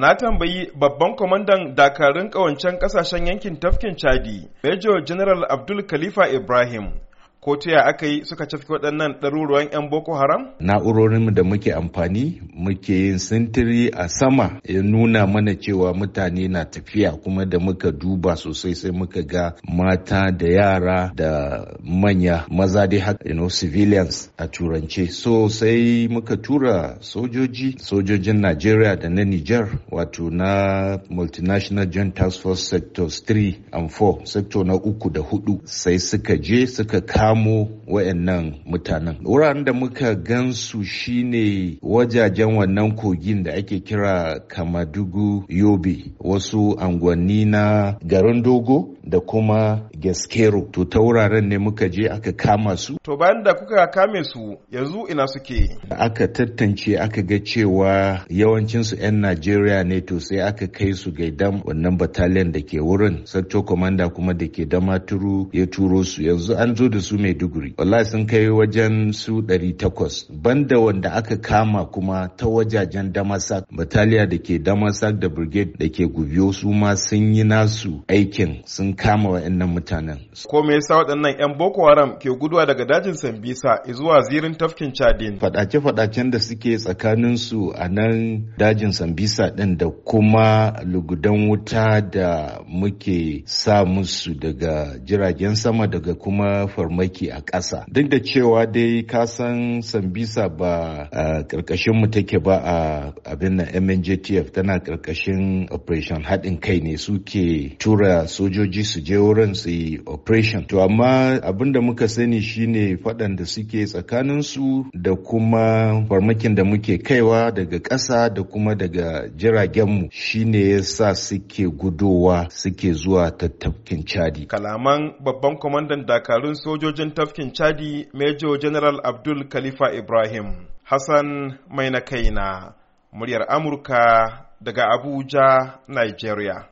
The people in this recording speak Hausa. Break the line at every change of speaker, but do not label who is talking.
na tambayi babban kwamandan dakarun ƙawancen ƙasashen yankin tafkin Chadi, Major General Abdul Khalifa Ibrahim, ko ta aka yi suka cafi waɗannan ɗaruruwan 'yan boko haram?
na'urorin da muke amfani muke yin sintiri a sama ya nuna mana cewa mutane na tafiya kuma da muka duba sosai sai muka ga mata da yara da manya maza dai haka you know, civilians a turance so sai muka tura sojoji sojojin najeriya da na niger wato na multinational joint task force sectors 3 and 4 sector na uku da hudu sai suka je suka kawo kamo wayannan mutanen wuraren da muka gansu shine wajajen wannan kogin da ake kira kamadugu yobe wasu angwani na garin dogo da kuma Gaskero. To ta wuraren ne muka je aka kama su. To
bayan da kuka kame su yanzu ina suke.
Aka tantance aka ga cewa yawancinsu 'yan Najeriya ne to sai aka kai su dam. wannan bataliyan da ke wurin. sato komanda kuma da ke damaturu ya turo su yanzu an zo da su Maiduguri. Wallahi sun kai wajen su 800 banda wanda aka kama kuma ta wajajen Damasak bataliya da ke Damasak da Brigade da ke Gubiyo su ma sun yi nasu aikin sun kama wa'annan mutanen.
Ko me yasa waɗannan 'yan Boko Haram ke guduwa daga dajin Sambisa zuwa zirin tafkin Chadin?
Faɗace-faɗacen da suke tsakanin su a nan dajin Sambisa ɗin da kuma lugudan wuta da muke sa musu daga jiragen sama daga kuma farmaki a ƙasa. Duk da cewa dai kasan Sambisa ba a ƙarƙashin mu take ba a abin nan MNJTF tana ƙarƙashin Operation Haɗin Kai ne suke tura sojoji ji su je wurin su yi operation to amma abin da muka sani shine faɗan da suke tsakanin su da kuma farmakin da muke kaiwa daga ƙasa da kuma daga jiragenmu shine ya sa suke gudowa suke zuwa ta tafkin chadi kalaman
babban kwamandan dakarun sojojin tafkin chadi major general abdul khalifa ibrahim hassan mai na kaina muryar amurka daga abuja nigeria